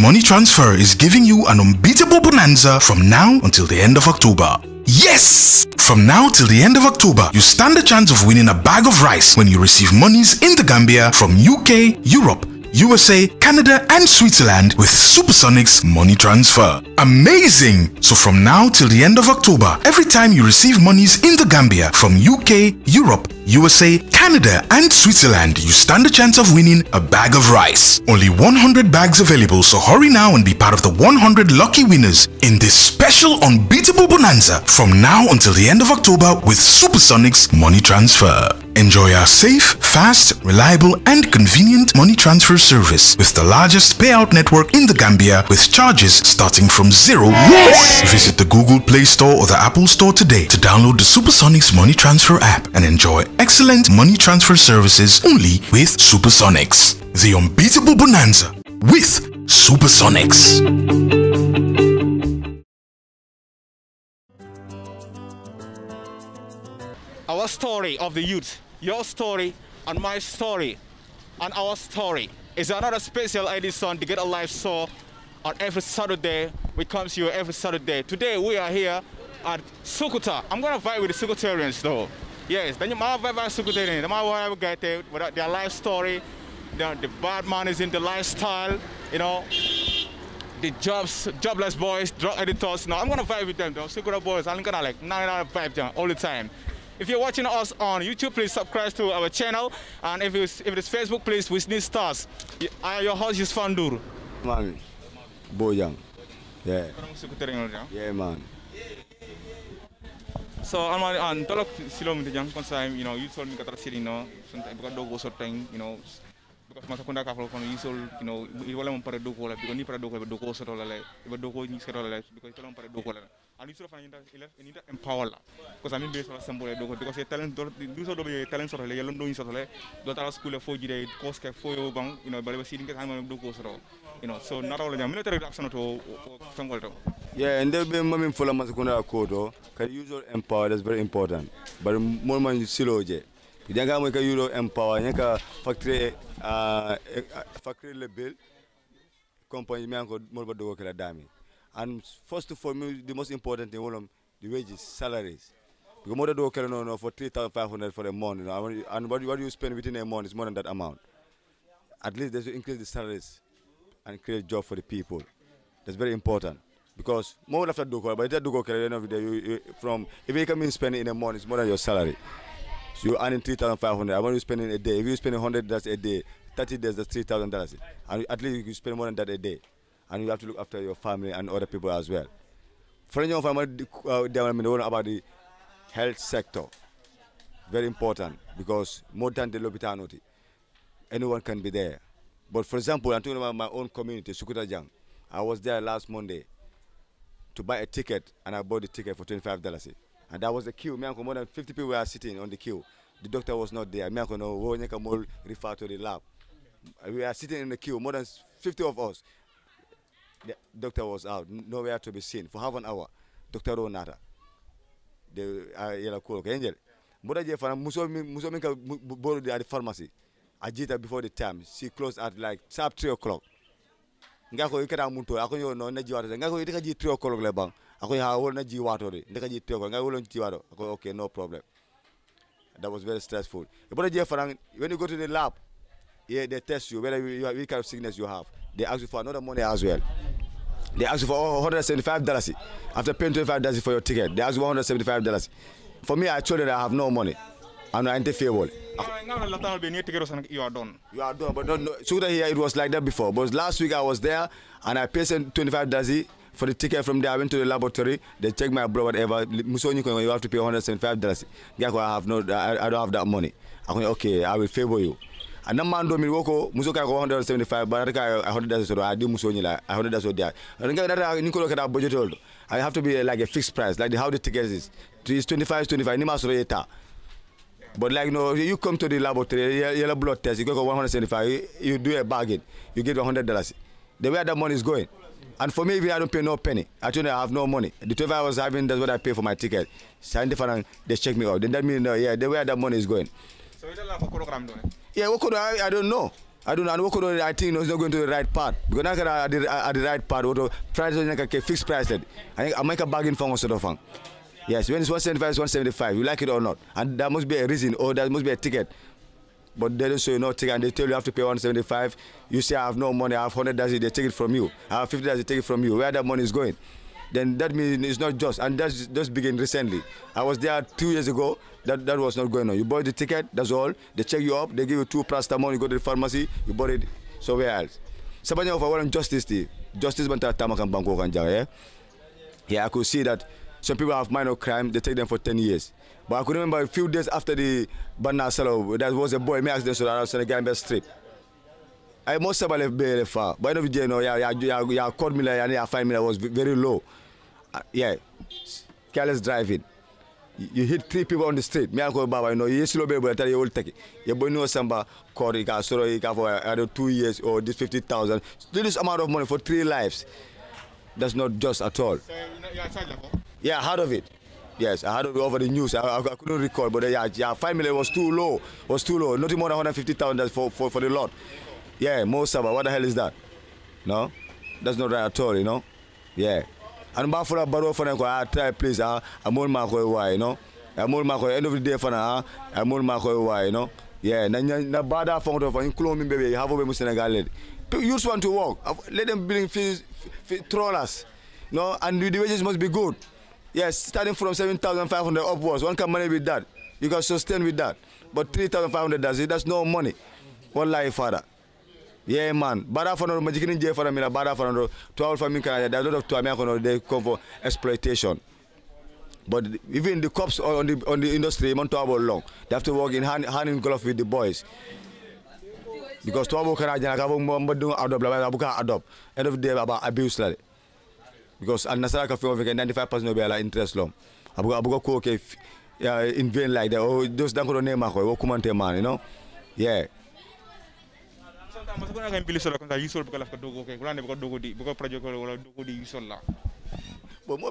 Money Transfer is giving you an unbeatable bonanza from now until the end of October. Yes! From now till the end of October, you stand a chance of winning a bag of rice when you receive monies in the Gambia from UK, Europe, USA, Canada, and Switzerland with Supersonics money transfer. Amazing! So from now till the end of October, every time you receive monies in the Gambia from UK, Europe, USA, Canada, and Switzerland, you stand a chance of winning a bag of rice. Only 100 bags available, so hurry now and be part of the 100 lucky winners in this special unbeatable bonanza from now until the end of October with Supersonics money transfer. Enjoy our safe, fast, reliable and convenient money transfer service with the largest payout network in the Gambia with charges starting from zero. Yes! Visit the Google Play Store or the Apple Store today to download the Supersonics Money Transfer app and enjoy excellent money transfer services only with Supersonics. The unbeatable bonanza with Supersonics. Our story of the youth your story and my story and our story. It's another special edition to get a live show on every Saturday. We come to you every Saturday. Today we are here at Sukuta. I'm gonna vibe with the Sukutarians though. Yes, then you might vibe with Sukutarians. They might have get there without their life story. The, the bad man is in the lifestyle, you know. The jobs, jobless boys, drug editors. No, I'm gonna vibe with them though. Sukuta boys, I'm gonna like, nah, nah, vibe them all the time. If you're watching us on YouTube, please subscribe to our channel. And if it's, if it's Facebook, please, we need stars. I am your host, is Fandur. Man, Bojang. Yeah. Yeah, man. So I'm ah, on silom jang konsam you know you told me katra siri no suntai you know because masa kunda kafal kono you you know iwala mo para dogo la because ni para dogo la dogo sotola la iba dogo ni sotola la because iwala mo para dogo la and instead of an elect an elect empower because I mean based on symbol because talent of sort of like that school course for you you know but do course you know so not all military yeah and they be mamin for mas kuna ko do can use empower that's very important but more man you silo je janga mo ka euro empower nyaka factory uh factory label company mi anko do dami And first for me, the most important thing, well, the wages, salaries. Because more than okay, no, no, for 3,500 for a month, you know, and what, what you spend within a month is more than that amount. At least they should increase the salaries and create job for the people. That's very important. Because more after Doko, but after Doko, at the end you, you, from, if you can spend in a month, it's more than your salary. So you're earning 3,500. I want you spending a day. If you spend 100 dollars a day, 30 days, that's $3,000. And at least you spend more than that a day and you have to look after your family and other people as well. Friends of uh, development one about the health sector. Very important because more than the Lobitanoti, anyone can be there. But for example, I'm talking about my own community, Sukutajang. I was there last Monday to buy a ticket and I bought the ticket for $25. And that was the queue. Me more than 50 people were sitting on the queue. The doctor was not there. Me no refer to the lab. We are sitting in the queue, more than 50 of us. The doctor was out, nowhere to be seen for half an hour. Doctor Onata. The uh, yellow cool angel. But mm. I found Musominka borrowed at the pharmacy. I did that before the time. She closed at like sharp three o'clock. Ngako ikata muntu akonyo yo no na jiwato ngako itaka ji 3 o'clock le bang akonyo ha wol na jiwato de ndaka ji 3 o'clock ngako wol jiwato ako okay no problem that was very stressful but when you go to the lab yeah, they test you whether you have, what kind of sickness you have. They ask you for another money as well. They ask you for $175. After paying $25 for your ticket, they ask you $175. For me, I told them I have no money. I'm not interferable. You are done. You are done, but don't know. here, it was like that before. But last week I was there and I paid $25 for the ticket from there. I went to the laboratory. They checked my blood, whatever. You have to pay $175. I have no, I, don't have that money. I went, okay, I will favor you. Uh, I man do mi woko muso ka ko 175 think 100 dollars honda I do a di muso ni la a honda daso I nga data ni ko kada budget hold i have to be uh, like a fixed price like the, how the tickets is it's 25 25 ni ma so yeta but like no you come to the laboratory yellow blood test you go 175 you, do a bargain you get 100 dollars the way that money is going and for me, if I don't pay no penny, I I have no money. The 12 I was having, that's what I pay for my ticket. So they check me out. Then that means, uh, yeah, the way that money is going. So you do Yeah, Wokodo, I, I don't know. I don't know. Wokodo, I think No, is not going to the right part. Because now at the, at the right part, what price is like a fixed price. I I make a bargain for sort Yes, when it's 175, it's 175, you like it or not. And that must be a reason, or there must be a ticket. But they don't show you no ticket, and they tell you you have to pay 175. You say, I have no money, I have 100 dollars, they take it from you. I have 50 dollars, they take it from you. Where that money is going? Then that means it's not just. And that's just beginning recently. I was there two years ago, that, that was not going on. You bought the ticket, that's all. They check you up, they give you two paracetamol, you go to the pharmacy, you bought it somewhere else. Somebody of our justice, the justice banta tamakan bangko yeah? Yeah, I could see that some people have minor crime, they take them for 10 years. But I could remember a few days after the Banna Salo, That was a boy, me accident, so I was on the Gambia Street. I must have left bail far, but I know you know, yeah, yeah, yeah, me like, and yeah, find me, I was very low. Uh, yeah, careless driving you hit three people on the street mi ko baba know, you silo be you ye wol teki ye boni samba kori ka soro ka for uh, at 2 years or oh, this 50000 this amount of money for three lives that's not just at all yeah heard of it yes i heard of it over the news i, I, I couldn't recall but uh, yeah, yeah 5 million was too low was too low nothing more than 150000 for, for for the lot yeah mo what the hell is that no that's not right at all you know yeah and back for a baro for I ah, try please ah I'm more mako why you know. I'm more mako end of the day for ah I'm more mako why you know. Yeah, na na bada found of in Colombia baby have over Senegal. You just want to work. Let them bring trawlers. No, and the wages must be good. Yes, starting from 7,500 upwards, one can manage with that. You can sustain with that. But 3,500 does it. That's no money. One life, father. Yeah, man. Bada for no magic jail for me, bada for no twelve family Canada. There's a lot of two American they come for exploitation. But even the cops on the on the industry, not about long. They have to work in hand, hand in glove with the boys. Because twelve Canada, I have doing adopt, I buka adopt. End of the day about abuse like. Because and Nasara Cafe over ninety five percent of their interest long. I buka go cook eh, in vain like that. Oh, those don't go to name, I go, man, you know? Yeah sometimes ko naga dogo ken kulande buka dogo di buka projet ko wala dogo di yisol la bon mo i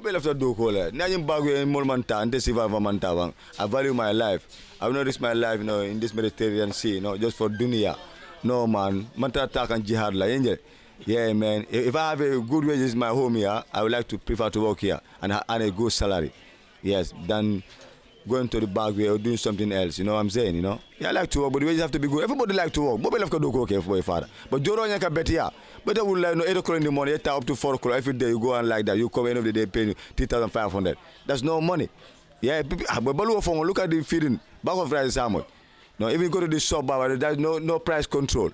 value my life i will not risk my life you know, in this mediterranean sea you no know, just for dunia no man man attack and jihad la yenje yeah man if i have a good wages in my home here i would like to prefer to work here and and a good salary yes Then going to the back way or doing something else. You know what I'm saying? You know? Yeah, I like to work, but we just have to be good. Everybody like to work. Mobile to do okay for my father. But Joro Nyaka bet yeah. But I would like you know, 8 o'clock in the morning, 8 up to 4 o'clock every day. You go and like that. You come end of the day paying 3,500. That's no money. Yeah, ah, but look at the feeding. Bag of rice is how much? No, even go to the shop, there's no, no price control.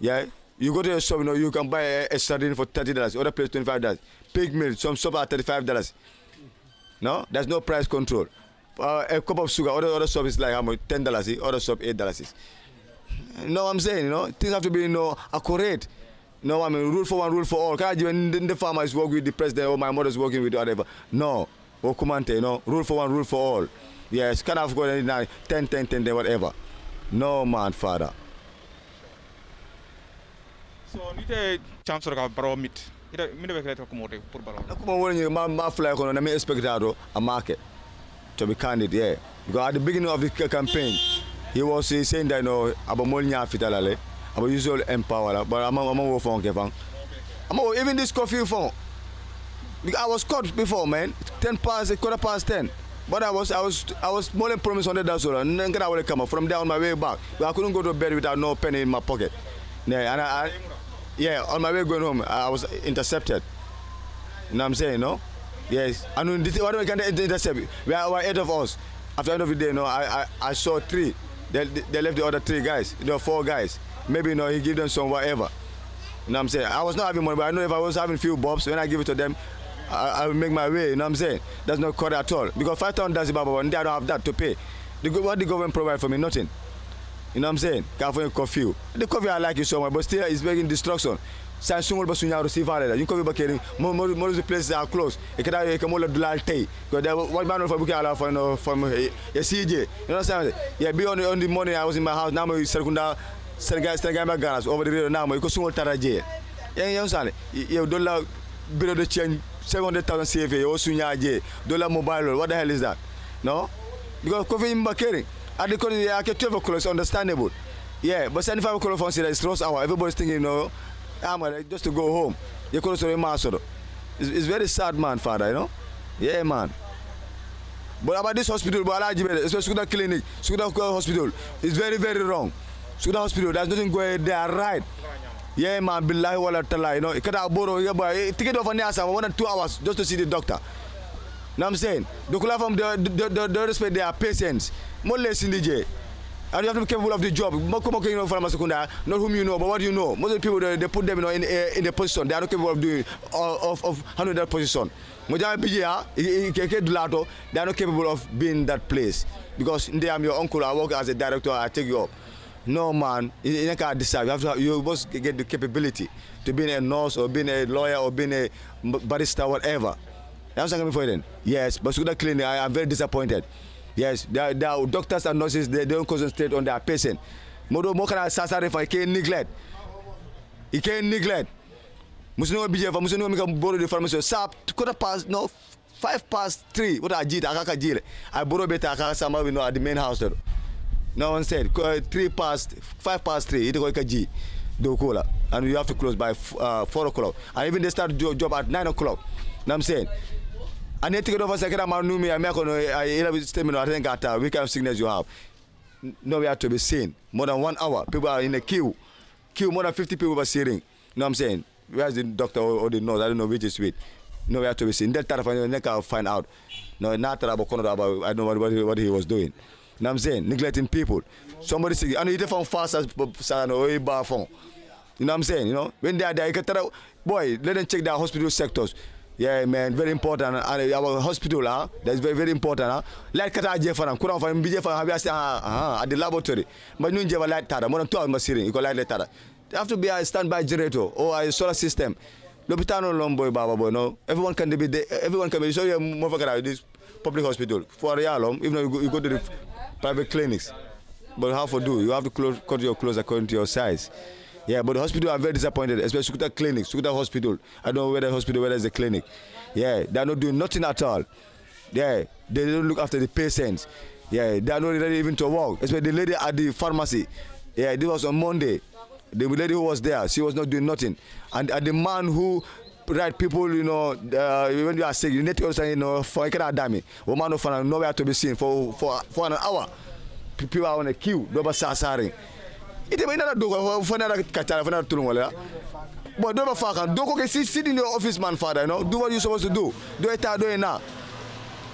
Yeah? You go to the shop, you know, you can buy a, a sardine for $30, other place $25. Pig meat, some shop at $35. No? There's no price control uh, a cup of sugar, other, other stuff is like how much? Ten dollars, eh? other stuff eight dollars. No, I'm saying? You know, things have to be you know accurate. No I mean? Rule for one, rule for all. Can't even the farmer is working with the president or my mother's working with whatever. No. Okumante, oh, you know, rule for one, rule for all. Yes, kind of have got 10, 10, 10, whatever. No man, father. So, ni a chance to baro mit. Ida mi de bekle ta ko mote pour baro. Come mo woni ma ma fly me na mi expectado a market to be candid, yeah. Because at the beginning of the campaign, he was uh, saying that, you know, about more fitalale, about usual empower, but I'm I'm a phone Kevin. I'm even this coffee phone. I was caught before, man. Ten past, quarter past ten. But I was I was I was more than promised hundred thousand and then I would come up. From there on my way back. But I couldn't go to bed without no penny in my pocket. Yeah, and I, I yeah, on my way going home, I was intercepted. You know what I'm saying, no? Yes, and when we can intercept, we are, eight of us. After end of the day, you know, I, I, I saw three. They, they left the other three guys, are four guys. Maybe, you know, he give them some whatever. You know what I'm saying? I was not having money, but I know if I was having few bobs, when I give it to them, I, I will make my way, you know what I'm saying? That's not correct at all. Because 5,000 does about one day I don't have that to pay. The, what the government provide for me? Nothing. You know what I'm saying? California curfew. The curfew I like it so much, but still it's making destruction. sanction ba sunya receiver la yinko ba keri mo mo mo place a close e kada e kamo la dulal tay ko da what man for bukala for no from ya CJ you know what I'm saying yeah be on the, on the morning I was in my house now my secunda Senegal Senegal my garage over the radio now my ko sumo taraje yeah you know sale you dollar bill de change 700000 CV yo sunya je dollar mobile what the hell is that no because coffee in bakeri at the corner yeah 12 o'clock understandable yeah but 75 o'clock for is lost hour everybody's thinking you know I'm ready just to go home. You could have said, It's, very sad, man, father. You know. Yeah, man. But about this hospital, but especially Sukuda Clinic, Sukuda Hospital, it's very, very wrong. Sukuda Hospital, there's nothing going there, right? Yeah, man, billahi wala tala, you know. You could have borrowed, yeah, boy. take it off the answer, I or two hours just to see the doctor. You Know what I'm saying? The from the, the, the respect their patients. More less in the jail. And you have to be capable of the job. Mokomoko, you know, from not whom you know, but what you know. Most of the people, they, they put them you know, in, eh, in the position. They are not capable of doing, of, of handling that position. Mojama Bijia, they are not capable of being that place. Because they am your uncle, I work as a director, I take you up. No, man, you can't decide. You, have to have, you must get the capability to being a nurse or being a lawyer or being a barrister, whatever. You understand me for then? Yes, but Sukuda Clinic, I am very disappointed. Yes, the, the doctors and nurses, they don't concentrate on their patient. Modo mokana sasare fa ke neglect. can neglect. Musino bije fa musino mika boro the pharmacy sap quarter past no five past three. What I did, I kaka jile. I borrow better kaka sama we know at the main house there. No one said eh, three past five past three. Ito ko ikaji. Dokola, and you have to close by uh, four o'clock. And even they start job at nine o'clock. Know what I'm saying? I you take it over second amount new me, I'm not going to statement, I think at we can kind of you have. No, we have to be seen. More than one hour, people are in a queue. Queue, more than 50 people were sitting. You know what I'm saying? Where's the doctor or, or the nurse? I don't know which is which. No, we have to be seen. That terrifying, I can find out. No, not that I'm about Canada, about I don't know what, what, he, what he was doing. You know what I'm saying? Neglecting people. Somebody sick. And you from fast as San oh, bar phone. You know what I'm saying? You know, when they are there, you can tell boy, let them check their hospital sectors. Yeah, man, very important. And uh, our hospital, huh? that's very, very important. Huh? Light kata jefana, kura fa mbi jefana habi asi ah at the laboratory. But you have a light tada, More than two hours you can light tada. Have to be a standby generator or a solar system. Lopitano lomboy baba no. Everyone can be there. Everyone can be. So you move around this public hospital for a year Even though you go, you go to the private clinics, but how for do you have to close, cut your clothes according to your size. Yeah, but the hospital, I'm very disappointed, especially Sukuta Clinic, Sukuta Hospital. I don't know whether hospital, where there's the clinic. Yeah, they're not doing nothing at all. Yeah, they don't look after the patients. Yeah, they're not ready even to work. Especially the lady at the pharmacy. Yeah, this was on Monday. The lady who was there, she was not doing nothing. And, and the man who right people you know uh, when you are sick you need to understand you know for ekele adami woman no find nowhere to be seen for for for an hour people are on a queue double sasaring i tɛ i nana don fɔ nana ka ca la fo nana tulon wala bon dɔ bɛ fa kan dɔ ko kɛ si sitting in your office man father you know do what you supposed to do Do ye taa dɔ ye na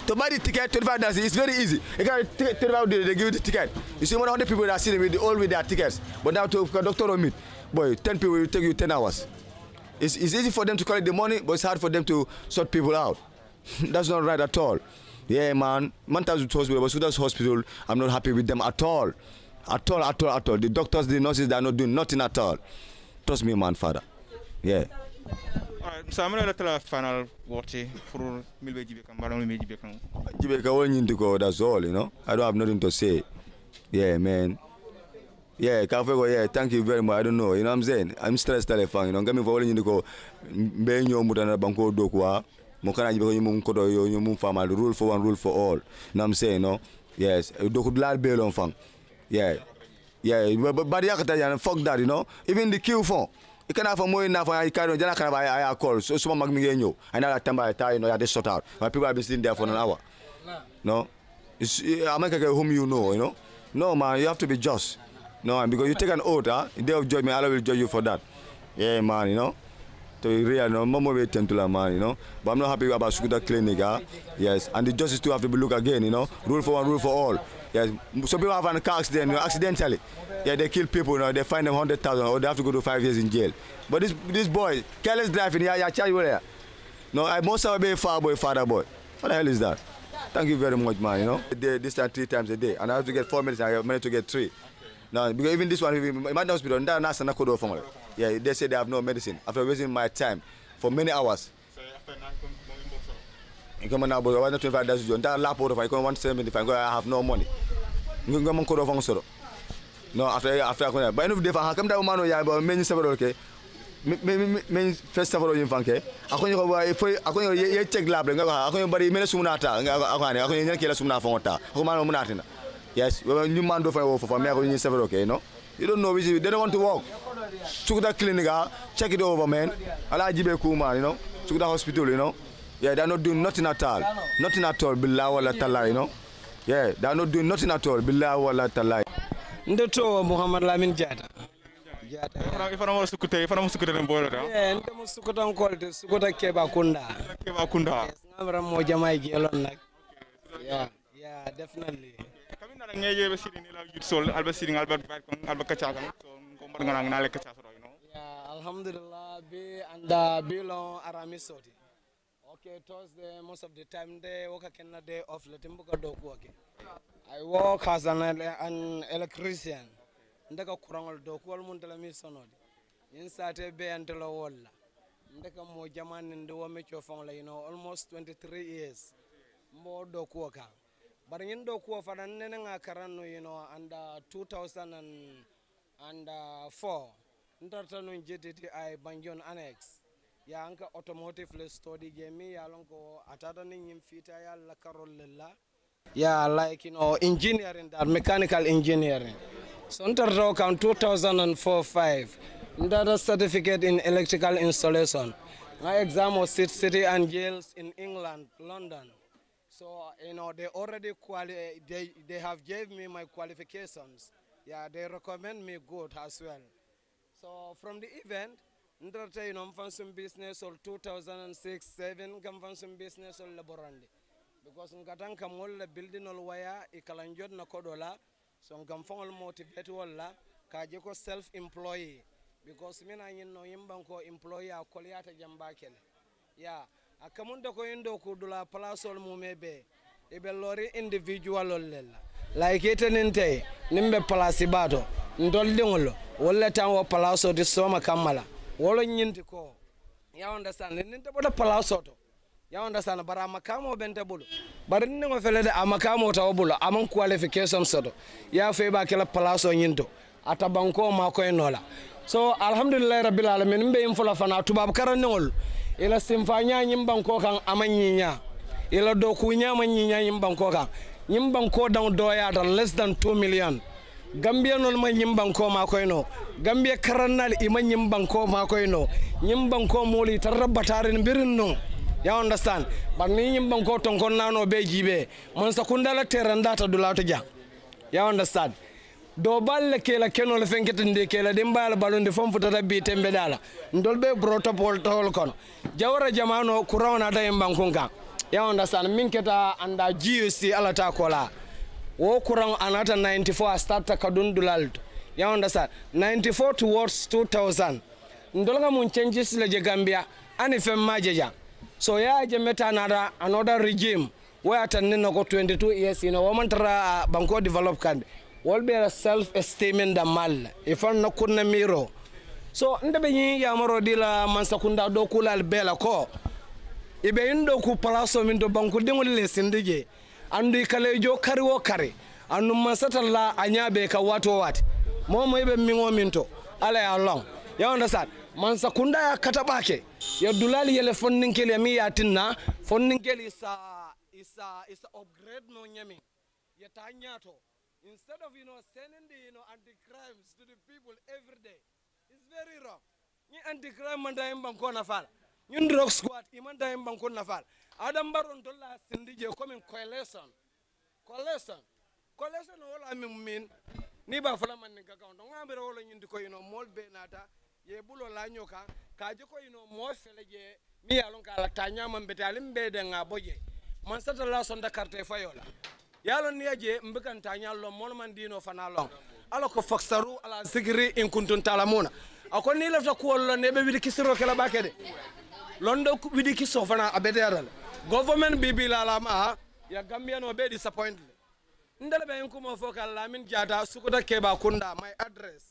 to buy the ticket 25 dollars it's very easy you can take 25 dollars they give you the ticket you see more than 100 people that see them with all with their tickets but now to doctor or meet boy 10 people will take you 10 hours it's, it's easy for them to collect the money but it's hard for them to sort people out that's not right at all yeah man man hospital but so that's hospital i'm not happy with them at all at all, at all, at all. The doctors, the nurses, they are not doing nothing at all. Trust me, man, father. Yeah. Alright, so I'm gonna let you final what that's all, you know. I don't have nothing to say. Yeah, man. Yeah, Kafego, yeah, thank you very much. I don't know, you know what I'm saying? I'm stressed telephone, you know, get me for you to go mutana banko dokwa, ah. mukana you mum kodo yo yumu fama, rule for one, rule for all. You know what I'm saying, no? Yes. Doku lad bail on fang. Yeah. Yeah, but but yeah, fuck that, you know. Even the queue phone. You can have a more enough I carry on kind of I, I call. So someone make me you. know that time I tell you know I just sort out. My people have been sitting there for an hour. No? It's America whom you know, you know? No man, you have to be just. No, and because you take an oath, huh? Day of judgment, Allah will judge you for that. Yeah man, you know. To be real, no, more more ten to man, you know. But I'm not happy about Sukuta Clinic, huh? Yes. And the justice too have to be looked again, you know. Rule for one, rule for all. Yeah, some people have an accident you know, accidentally. Yeah, they kill people. You know, they find them hundred thousand, or they have to go to five years in jail. But this this boy, careless driving. Yeah, yeah, charge you there. No, I must have been a far boy, father boy. What the hell is that? Thank you very much, man. You know, they time three times a day, and I have to get four minutes, and I have managed to get three. Now, because even this one, imagine hospital, that nurse and I could do Yeah, they say they have no medicine after wasting my time for many hours. So after ngoma na boy wana 25 days That ta la poro fay ko 175 ko i have no money ngoma ko do fon soro no after after I come. But ko ba no defa kam da umano ya ba men sabaro ke men festival yin fanke akonyo ko ba foi akonyo ye check lab nga ko akonyo bari men sumunata nga ko ani akonyo nyen kila sumuna I come mano munatina yes ñu mando fay for fofa mais ko ñi sabaro Several okay. you know. You don't know which they don't want to walk sukuda clinic ah, check it over man ala jibe kuma you know sukuda hospital you know yeah, they're not doing nothing at all. Nothing at all. Billah wala tala, you know. Yeah, they're not doing nothing at all. Billah wala tala. Ndoto Muhammad Lamin Jada. Jada. Ifana mo sukute, ifana mo sukute ne boyo da. Yeah, nda mo sukuta nkolte, sukuta keba kunda. Keba kunda. Yes, ngamra mo jamai gelon Yeah, yeah, definitely. Kami na ngeye be sirin la yut sol, alba sirin alba bar kon, alba kacha kan. So ngombar you know. Yeah, alhamdulillah be anda bilon arami soti. Okay, the most of the time, the work can day off. Let him dog work. I work as an, an electrician. Ndaka kurangal dog wal mun tala mi sonodi. Insate be antala walla. Ndaka mo jaman ndo cho fong la you know, almost 23 years. Mo dog work. But in dog work, for an nga karano, you know, under 2004. Ndatanu njititi I banjon annex. ya anka automotive le study jemi ya lonko atada ni nyim fita ya la karol la ya like you know engineering that mechanical engineering so ntar do 2004 5 ndada certificate in electrical installation my exam was at city and jails in england london so you know they already quali they they have gave me my qualifications yeah they recommend me good as well so from the event ndarata ino mfansum business ol 2006-7 ga mfansum business ol laborandi because nkatan kam wol building ol waya i kalanjot na kodo la so nkam faŋol motivate wol la ka je self employee because mina ñin no yimbanko employee a kolyata jamba kele ya a kamunta ko yindo ku dula place ol mumebe be be lori individual ol le like itenin tey nin be place bato ndol diŋol wolle tan wo place ti soma kammala wolo ñinti ko ya understand le ninte bota pala soto ya understand bara makamo bente bulu bara nne ngo fele amakamo taw bulu amon qualification soto ya fe ba kala pala so ñinto ata banko ma koy nola so alhamdulillah rabbil alamin mbe en fula fana tubab karannol ila simfanya nyim banko kan amanyinya ila dokunya manyinya nyim banko kan nyim banko dan doya dan less than 2 million gambia non ma nyimbanko ma koyno gambia karannal ima nyimbanko ma koyno nyimbanko moli tarrabataren birin no ya understand bar ni nyimbanko ton kon nano be jibe man sakundala terandata dulato ja ya understand do balle kela kenol fenketinde kela de mbala balonde fom futata bi tembe dala ndolbe protocol tol kon jawra jamano kurawna da e bankunga ya understand min keta anda GUC alata kola wo kurang anata 94 starta kadun dulalto ya sa 94 towards 2000 ndolga mun changes le gambia ani fem majeja so ya je meta nada another regime where tanne no 22 years you know woman tra uh, banko develop kan wol be self esteem da mal ifan na kunna miro so be nyi ya maro dila mansakunda do kulal bela ko ibe indo ku palaso min do banko dingol le sindige andu kalejo kari wo kari andu masatalla anyabe ka wato wati momo ibe mingo minto ala ya long ya understand mansa kunda ya katabake ya dulali yele fonninkeli mi ya tinna fonninkeli sa isa isa upgrade no nyemi ya tanyato instead of you know sending the you know anti crimes to the people every day it's very wrong ni anti crime manda imba kona fala ni drug squad imanda imba kona fala adam baron dolla sindi je komin collection collection collection wala min min ni ba fala man ni gaga on ngambere wala nyindi ko ino mol be nata ye bulo la nyoka ka je ko ino mo fele je mi yalon kala ta nyama mbete alim be de nga boje man sata la sonda carte fayola yalon ni je mbikan ta nyallo mol man dino fana lon ala ko faksaru ala sigri in kuntun talamuna akon ni lafta ko wala ne be widi kisiro kala bakede londo widi kiso fana abede yaral government bibilalam a ya gambian o ɓe disappointed ndele ɓe hinkumo fo kan lamin diata sukuta keɓa kunda my adress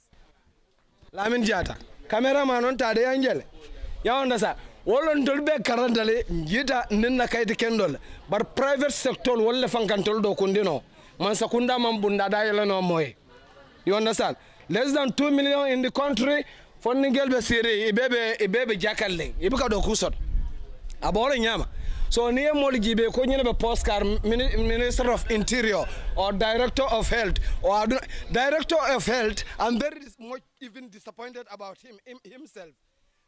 lamin diata caméra ma noon taade yangele yawonda sa wolontol ɓe karantale jiita ndinna kayti kendol bar private secteur wolle fankantol ɗo kundino man sakunda man bundaɗa yelano moye you understand less than 2 million in the country fonningel ɓe série iɓeɓe iɓeɓe jakalle iɓe ka ɗo kusoto aɓa wolo ñama So near Moligibe, Konyen Postcard, Minister of Interior or Director of Health or Director of Health, I'm very much even disappointed about him, him himself.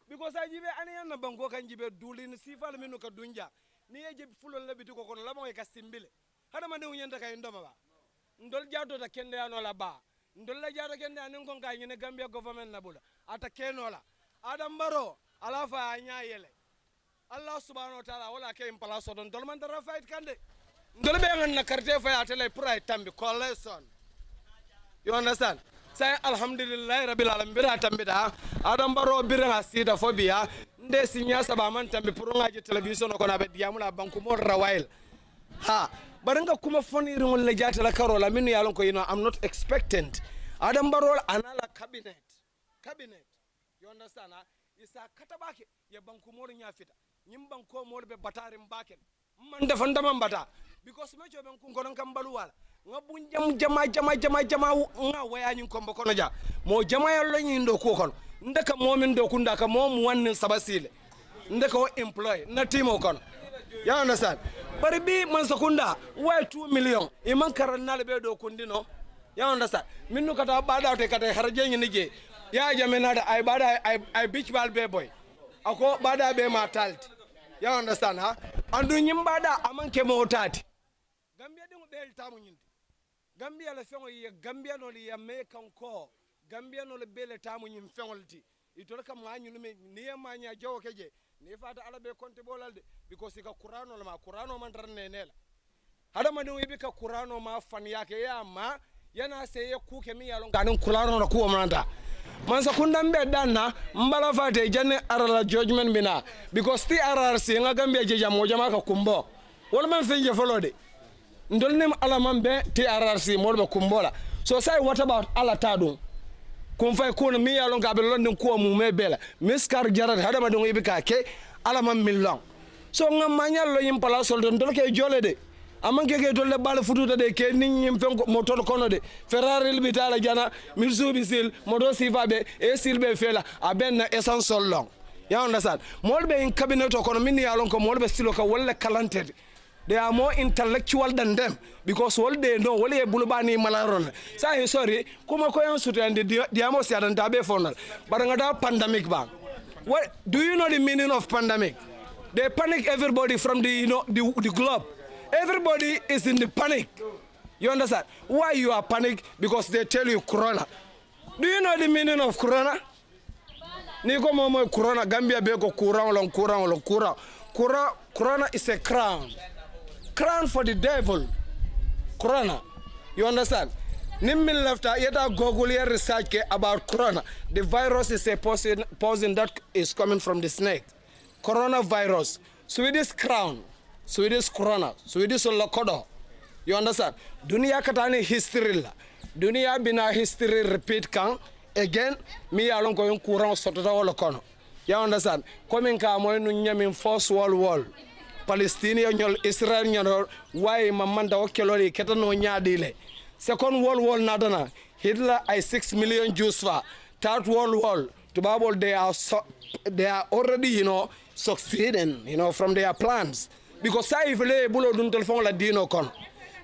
Because I jibe ani yana bango kan jibe duli ni sifal minu ka dunja ni ye jibe fulon labi tuko kono labo ka simbile hada mande unyenda ka ndoma ba ndol jato ta kende ya nola ba ndol la jato kende ani kon ka nyine Gambia government na bula ata kenola adam baro alafa anya yele allah subhanahu wa ta'ala wala ke impala dolman dara fayit kande dol be ngana karte fa atele ya pray ya tambi collection you understand say alhamdulillah, rabbil alamin bira ya tambi da adam baro bira asida fobia nde sinya saba man tambi pro ngaji television ko na be diamula banku mo rawail ha baranga kuma fonirin wala jata la karola minu yalon ko you know i'm not expectant adam baro anala cabinet cabinet you understand ha isa ke, ya banku morin ya fita ñimbanko moolu be batari mbaken man defandama mbata because me coɓen kunkonon kam mbaluwala nga bunjam jama jama jama jama nga wayañin kombo kono ja mo jamayallo ñin ɗo kuo ndeka momin do kunda ka mom wannin saba sile ndeka o employ na timo kono ya understand bari bi man sakunda way 2 million e man karannale ɓe ɗo kundino ya understand minnu kata baɗa te kata harjeñi nije ya jamenaɗa ay baɗa ay beach bal be boy ako bada be ma ya understand ha andu nyim bada amanke motati gambia dingu bel tamu nyindi gambia la fengo ye gambia no ya me kanko gambia no le bele tamu nyim fengolti itol kam wanyu nyulu me niya ma nya jawo keje ni fata ala be konti bolalde because ka qur'ano la ma qur'ano man ranne ne la hada ma dingo ibika qur'ano ma fan yake ya ma yana seye kuke mi yalon ganin qur'ano na kuwa mananta mansa kundan be danna mbala fate janne arala judgment bina because ti ararsi nga gambia jeja mojama ka kumbo wala man fenje folode ndol nem ala man be ti ararsi molbe kumbola so say what about ala tadum kun fay kun mi yalon ka be london ko mu me bela miskar jarat hada ma don yibi ka ke ala man millon so nga manyal lo yim pala sol don ke jole de amanke ke tolle bal fututa de ke nin nyim fen the tol kono de ferrari bi tala jana mitsubishi sil modo sifa be e sil be fela abenna essence long ya understand molbe in cabinet kono min ya lon ko molbe stilo ka walla talented they are more intellectual than them because all they know wala ye bulu bani malaron sa sorry kuma ko yan sutu and the amo si adan tabe fonal baranga da pandemic ba what do you know the meaning of pandemic they panic everybody from the you know the, the globe Everybody is in the panic. You understand? Why you are panic? Because they tell you corona. Do you know the meaning of corona? Niko momo corona Gambia beko kurang long kurang long kurang. Corona corona is a crown. Crown for the devil. Corona. You understand? Nimmin left yet Google research about corona. The virus is a poison, poison that is coming from the snake. Coronavirus. Swedish crown so it is corona so lokodo you understand dunia katani history la dunia bina history repeat kan again mi along ko yon courant sotota wala kono you understand comme ka moy nu nyamin first world war, Palestinian ñol israel ñol Why mamanda okelori ketano nyaadile second world war nadana hitler i 6 million jews fa third world war to bible they are so, they are already you know succeeding you know from their plans because biko saifle bulo duntel fon la dino kon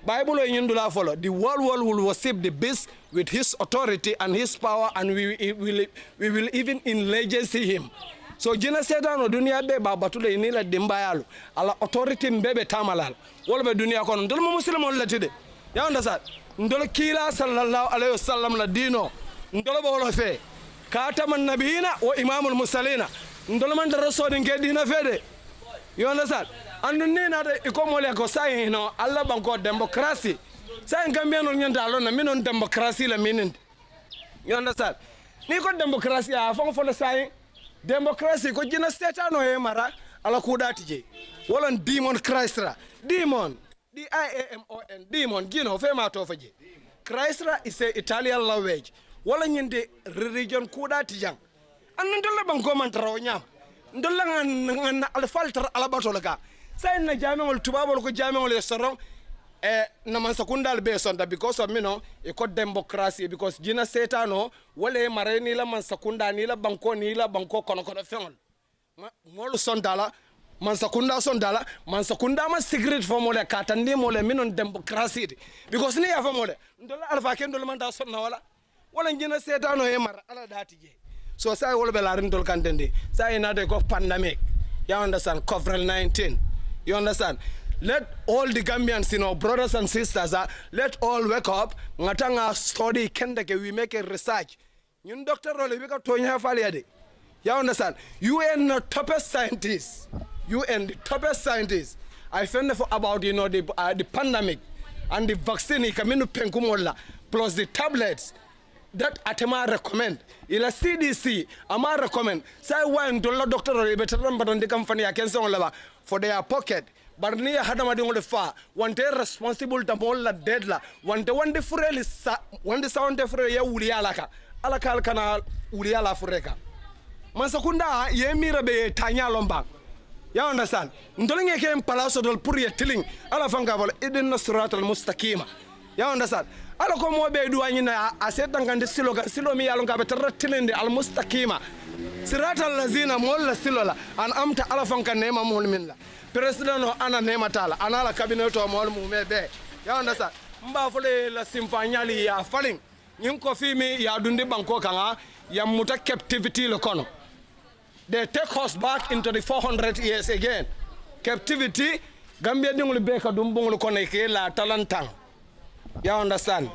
Bible in Yundula follow. The world, world will worship the beast with his authority and his power, and we, will, we will even enlarge him. So jina sedano dunia be baba tule inila dimbayalu. Ala authority mbebe tamalal. Wolbe dunia kono. Ndolo muslimu wala tide. Ya onda sa. Ndolo kila sallallahu alayhi wasallam la dino. Ndolo bolo fe. Katama nabiyina wa imamul musalina. Ndolo manda rasodi ngedina fede. You understand? andu ni nata ikomole ko sai no alla banko democracy sai gambia non nyanda lona min non democracy la mininde you understand ni ko democracy a fon fon sai democracy ko jina setano e mara ala kuɗati je wolon dimon christra dimon d i a m o n dimon jino fema tofa je christra is a italian language wala ñinde religion kuɗati jang anna ndolla ɓan gomantarawo ñama ndolla ngan alfaltar alabatol ga sai na jami'ol tubabol ko jami'ol ye soron e eh, naman sakundal be sonda because of mino i ko democracy because jina setano wala mare ni la man sakunda ni la banko ni la banko kono kono fengol ngol sondala man sakunda sondala man ma secret fo mole katandi mole minon democracy de because ni ya fo mole ndola alfa ken ndol man sonna wala wala jina setano e mara ala dati je so sai wala be larin dol kandende sai na de ko pandemic ya understand covid 19 You understand? Let all the Gambians, you know, brothers and sisters, uh, let all wake up. Ngatanga study kendeke, we make a research. Nyun Dr. Role, we got to You understand? You and the toughest scientists. You and the toughest scientists. I found about, you know, the, uh, the pandemic and the vaccine, Kaminu Penkumola, plus the tablets that atema recommend ila cdc ama recommend sai wa you, doctor ebe taramba on the company ya kenso laba for their pocket barni hadama dingo le fa wante responsible tamol la dead la wante wande fureli sa wande sound fureli ya wuli alaka alaka alkana wuli ala fureka masakunda ye mira be tanya lomba ya understand ndolenge ke palaso dol pour ye tiling ala fanga vol idin al mustaqima ya understand ala ko mo be duwani na asetan kan de silo silo mi yalon be tarra tilinde al mustaqima sirata allazina moolu la silo la an amta ala fanka nema muhol min la président o ana nema tala ana la cabinet o mool mume ɓe yawanda sa mba fole la ñali ya falin ñin ko fimi ya dundi banko kanga yammuta captivity le kono they take us back into the 400 years again captivity gambia dingulu be ka dum bungulu kono ke la talantan you understand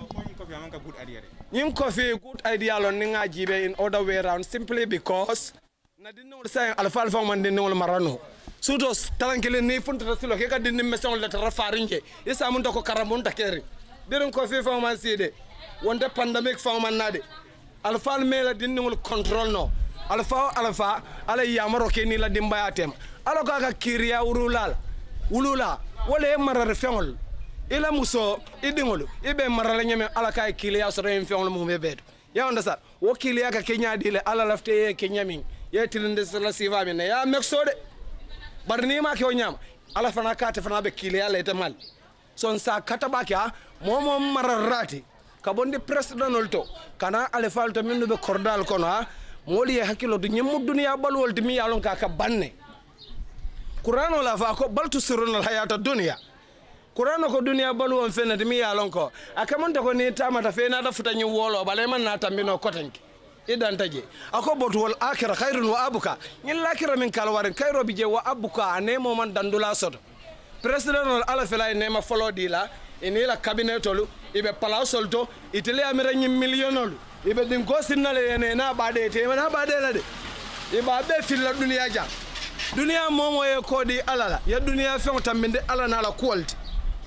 ñin ko fi good idea lo ni nga jibe in other way around simply because na dinol sa alfa alfa man dinol marano suto talankele ni funta silo ke ka dinni meson le tara farinje isa mun ko karamun ta kere dirin ko fi fa man side wonde pandemic fa man nade alfa al mela dinol control no alfa alfa ala yamaro ke ni la dimbaya tem ala ka ka kiriya urulal ulula wala marar fengol i la musoo i diŋolu i be marala ñame ala ka ye kiliya soto ñiŋ feŋolu mu be beetu yawonda sa wo kiliya ka keñaa di le ala lafita ye ke ñamiŋ ye tilindi sala sifa min na ye a mekso de bari niŋ ma ke wo ñaama ala fana kate fana be kiliya la ite mali son sa kataba ke a moo moo mararraati ka bondi presidanol to kana alifalu to minnu be kordal kono a moolu ye hakkilo to ñiŋ mu duniya baluwolu ti miŋ ye a loŋ ka a ka baŋ ne kuranoo la fa ko baltu sirunal hayata duniya kurano ko duniya balu on fenati mi yalon ko a kamonta ko ni tamata fe nata futa ñu wolo bala man na tambino kotanke idan taje ako botu wal akhira khairun wa abuka ñin lakira min kala warin kayro wa abuka ne man dandula soto president ol ala fela ne ma folo di ini la cabinet olu ibe palasol to itele amira ñi million olu ibe din ko sinnale ne na bade te na bade la de iba be filla duniya ja duniya momo e kodi alala ya duniya fe tambinde ala la quality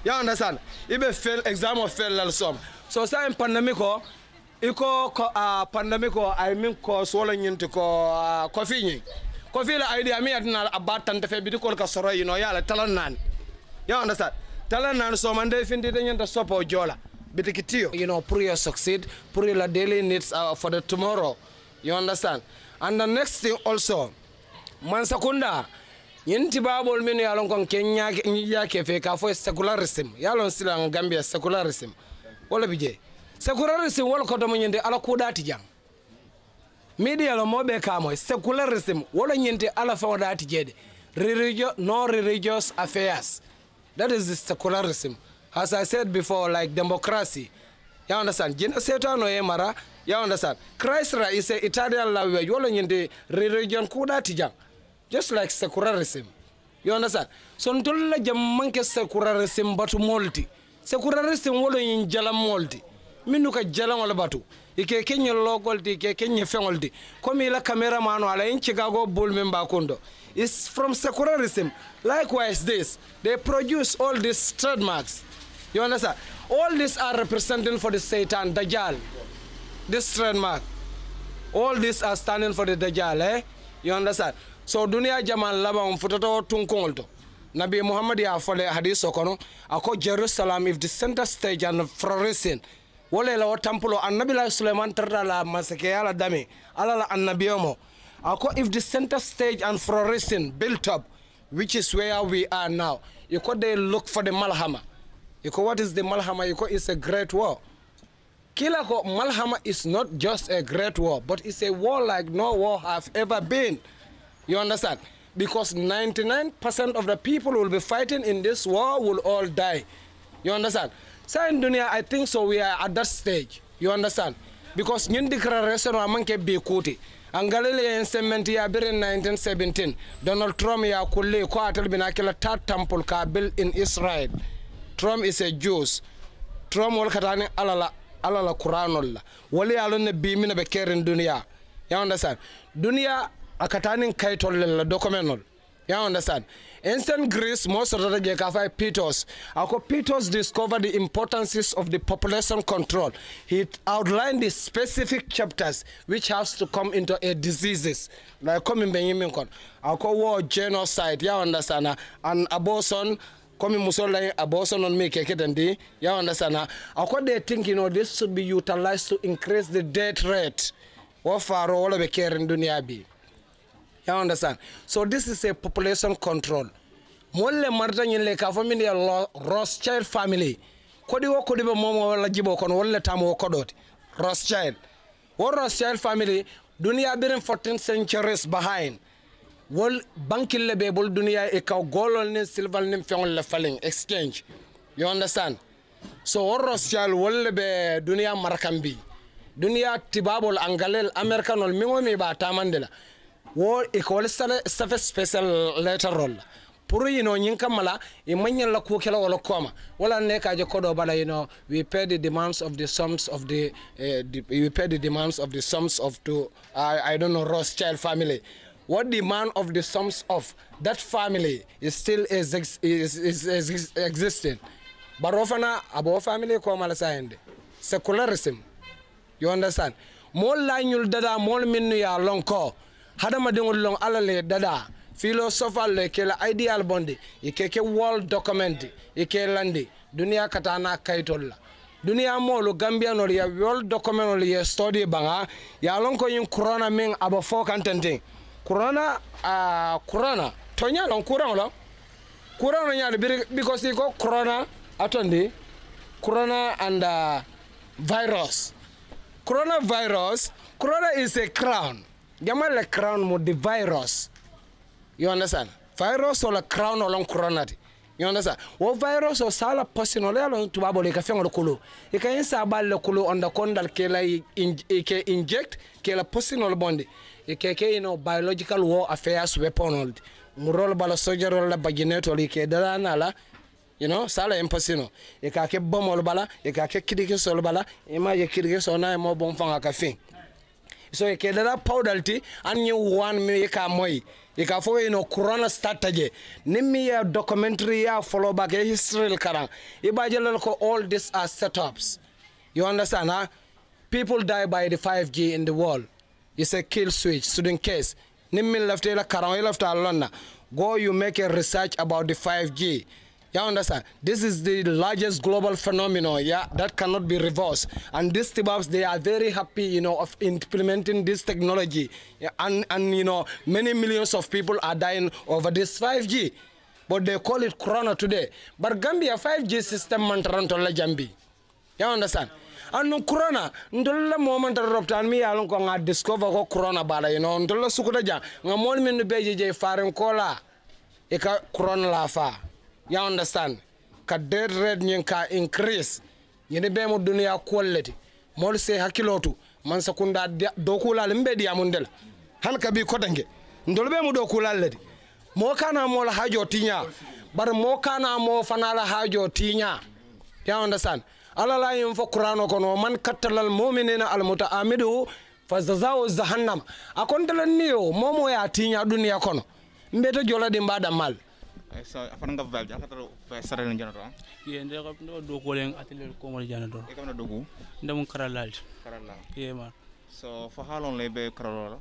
You understand? If you fail exam or fail la some. So say in pandemic iko a ah, pandemic I mean ko swallow nyinti ko ah, coffee Coffee la idea mi adna abatan tante fe bi ko ka soro you know ya la talan nan. You understand? Talan nan so man dey findi dey nyanta sopo jola. Bitikitio. You know, pray you succeed, pray la daily needs uh, for the tomorrow. You understand? And the next thing also, man sakunda, ñin tibaaɓol men ye kon ke ñiƴake fe ka fo sécularisme ye silan gambia sécularisme wala bije je sécularisme wala ko domo ñinde ala kuuɗati jang miɗiya lo moɓe kamoy sécularisme wala ñinde ala dati jeede religio no religious affairs that is the secularism as i said before like democracy ya understand jina setano ye mara ya understand christ is a italian language wala ñinde religion jang just like secularism. You understand? So ntolla jammanke secularism batu molti. Secularism wolo yin jala molti. Minu ka jala wala batu. Ike kenye logolti, ike kenye fengolti. Komi ila kamera mano ala in Chicago Bull member kundo. It's from secularism. Likewise this, they produce all these trademarks. You understand? All these are representing for the Satan, Dajjal. This trademark. All these are standing for the Dajjal, eh? You understand? so dunia jaman laban futata tun nabi muhammad ya fale hadiso kono ako jerusalem if the center stage and florescent wala la temple annabi la suleiman tarda la masake ala dami ala la annabi mo ako if the center stage and florescent built up which is where we are now you could they look for the malhama you could what is the malhama you could it's a great war Kilako Malhama is not just a great war, but it's a war like no war have ever been. You understand? Because 99% of the people who will be fighting in this war will all die. You understand? So in Dunia, I think so we are at that stage. You understand? Because ñun déclaration wa manke be kuti. Angalele ya insementi ya bire 1917. Donald Trump ya kule kwa atel bina kila third temple ka built in Israel. Trump is a Jews. Trump wal katani alala alala Quran Allah. Wali alone bi mina be kerin dunia. You understand? Dunia akatanin kaitol la documentol you understand ancient greece most of the kafa peters ako peters discovered the importances of the population control he outlined the specific chapters which has to come into a diseases like coming benjamin kon ako war genocide you understand and abortion coming musola. Abortion on me mi keke dendi ya understand ako they think you know this should be utilized to increase the death rate wa faro wala be keren dunia bi You understand? So this is a population control. molle marta nyinle ka family ya Rothschild family. Kodi wo kodi be momo wala jibo kon wolle tamo kodot. Rothschild. Wo Rothschild family dunia birin 14 centuries behind. Wol bankille be bol dunia e ka golol ni silval ni fion le falling exchange. You understand? So wo Rothschild wolle be dunia markambi. Dunia tibabol angalel americanol mingo mi ba tamandela. wo ikol safe special letter roll pour you know nyin kamala e manyan la kukela wala koma wala ne ka je kodo bala you know we pay the demands of the sums of the, uh, eh, the we pay the demands of the sums of to uh, i don't know Rothschild family what demand of the sums of that family is still is, is, is, is existing barofana abo family ko mala sayende secularism you understand mol lañul dada mol minnu ya lonko hadamadiŋol loŋ alla le dada philosophal lo ke la ideal bondi i ke ke world document i ke landi duniya ka taa naa kayitol la duniya moolu gambiyanolu ye world documentolu ye study baŋa ye a loŋ ko ñiŋ kurona miŋ a be fo kaŋ tenteŋ kurona a ah, kurona toña loŋ kuraŋo lo kuraŋo ñaadi because i ko kurona atondi kurona and ah, virus coronavirus corona is a crown jama le crown mo the virus you understand virus o la crown o corona di you understand wo virus o sala posino le lon tuba le ka fengo kulu e ka insa bal le kulu e e on da kondal ke la e ke inject ke la posino le bondi e ke ke you biological war affairs weapon o mu bala soldier la bajineto li ke dala na la you know sala imposino e ka ke bomol bala e ka ke kidike sol bala e ma ye kidike so na mo bon fanga ka fin so e kedara powdal ti an ñiŋ one mi i ka moyi i ka fo ino kurana strategy. Name me miŋ documentary a follow back ye history karaŋ i b'a je ko all these are setups you understand huh? people die by the 5g in the world it's a kill switch student case name me left i la karaŋo i lafita a go you make a research about the 5g you understand? This is the largest global phenomenon, yeah, that cannot be reversed. And these Tibabs, they are very happy, you know, of implementing this technology. Yeah, and, and, you know, many millions of people are dying over this 5G. But they call it Corona today. But Gambia 5G system mantarantola jambi. You understand? anu corona ndolla moment roptan mi yalon ko nga discover ko corona bala you know ndolla sukuda ja nga mol min beje je faren kola e corona la fa You understand? Ka dead rate nyin ka increase. Yini be mu dunia quality. Mol se hakilotu. Man sakunda dokula limbe dia mundel. Han ka bi kodange. Ndol be do kula ledi. Mo kana mo la hajo tinya. Bar mo kana mo fanala hajo tinya. ya understand? Ala la yin fo Qur'ano kono man katalal mu'minina al muta'amidu fazazao jahannam akon dalan niyo momo ya tinya dunia kono mbeto jola de mbada mal fana nga vel jaka taro sare na jana ron ye nda ko ndo do ko len atelier ko mo jana do e kam na dogu nda mo karalal karalal ye ma so for how long lay be karalal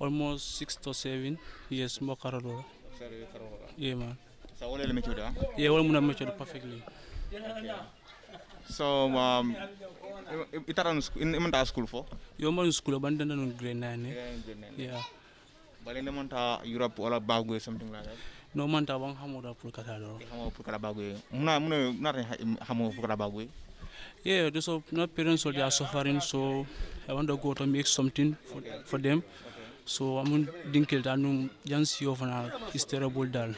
almost 6 to 7 years mo karalal sare karalal ye ma so wala le mecho da ye wala mo na mecho perfectly okay. so um itaran in imanta school fo yo mo school ban dan non grade 9 yeah grade 9 yeah balen monta europe wala bagu something like that no man ta ban hamu da pour kata do hamo pour kata bagu muna muna na re hamo pour kata bagu yeah do so no parents so they are suffering so i want to go to make something for, for them so amun dinkel da num jan si of na is terrible dal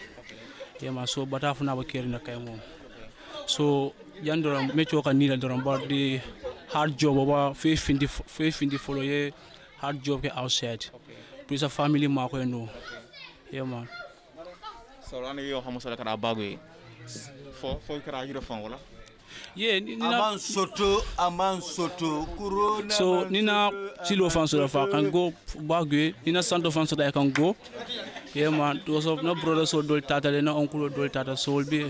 ye ma so bata fana ba kere kay mom so jan do me choka ni la do ba di hard job ba fe findi fe findi follow ye hard job ke outside please a family ma ko no ye ma sawla ne yo hamusa kana bagoy fo fo kara yiro fan wala ye aman soto aman soto corona so nina silo fan so fa kan go bagoy nina santo fan so kan go ye ma to so no brother so dol tata le no onkulo dol tata so be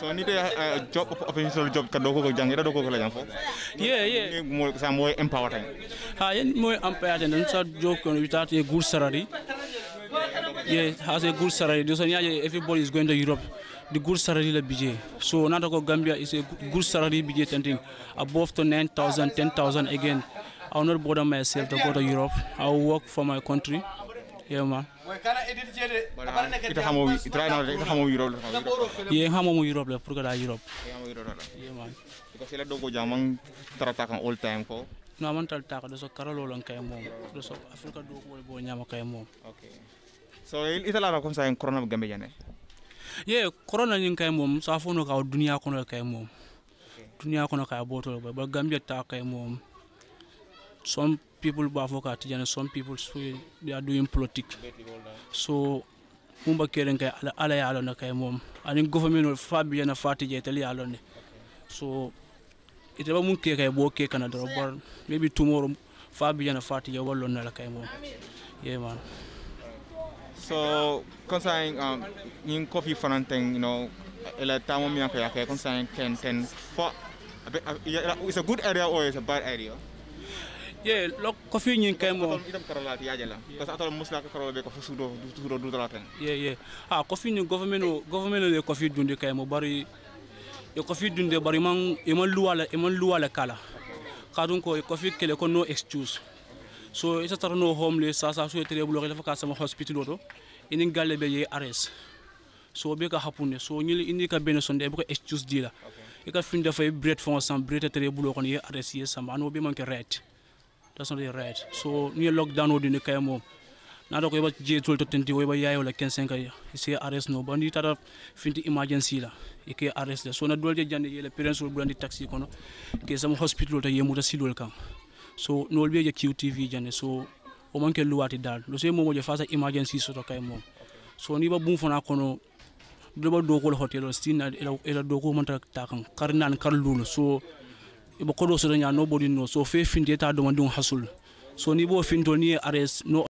so ni de uh, uh, job official job kado ko jang ida do ko la jang fo yeah yeah mo sa mo empower tan ha yen mo empower tan so job ko witati gur sarari yeah, has a good salary. This one, yeah, everybody is going to Europe. The good salary is budget. So Nantako Gambia is a good salary budget something above to 9,000, 10,000 again. I will not bother myself to go to Europe. I will work for my country. Yeah, man. Ita hamo ita hamo Europe. Yeah, I'm la purka Europe. Yeah, man. Iko sila dogo jamang taratakan all time No, man taratakan. Doso Karolo lang kaya mo. Doso Africa dogo wal bo nyama Okay. so il là là comme ça un corona gambe jane ye corona ñing kay mom sa fo no ka duniya kono kay mom duniya kono ka boto ba ba gambe ta kay mom some people ba fo ka tijane some people so they are doing politics so mumba keren kay ala ala ya lon kay mom ani government fa bi na fati je tel ya lon so ita ba mun ke kay bo ke kana do bor maybe tomorrow fa bi na fati je wallon na kay mom yeah man So, concerning um, in coffee for thing, you know, ele tamo mi anche anche ya concerning ten ten for it's a good area or it's a bad area. Yeah, lo coffee ñing kay mo. Itam karala ti yajala. Parce atol musla ko karala be ko fusudo fusudo du ten Yeah, yeah. Ah, coffee ñing government government le coffee dundi kay mo bari yo coffee dunde bari man e man luwala e man luwala kala. Kadun ko e coffee kele ko no excuse. So, isa e tarano homeless sa sa so e tere bloqué la fa ka sama hospital itu iningalle be ye arrest so be ka hapune so nyili indi ka bene sonde be ko excuse dila okay. e ka fin dafa bret fon sam bret tere bulo kon ye arrest ye sam ano be man ke right that's not the right so ni lockdown o dine kay mom na do ko ba je tol to tenti o ba yayo la 15 kay se arrest no bandi tara finti emergency la e ke arrest la so na dolje jande ye le parents o bulandi taxi kono ke sam hospital to ye muta silol kam so no be je QTV jande so o man ke luwati dal lo se momo je fasa emergency soto kay mom so ni ba bum fana kono do ba do ko hotel stin ela ela do ko man ta takan karnan kar lulu so e ba kodo so nya nobody no so fe finde ta do man dum hasul so ni bo findo ni ares no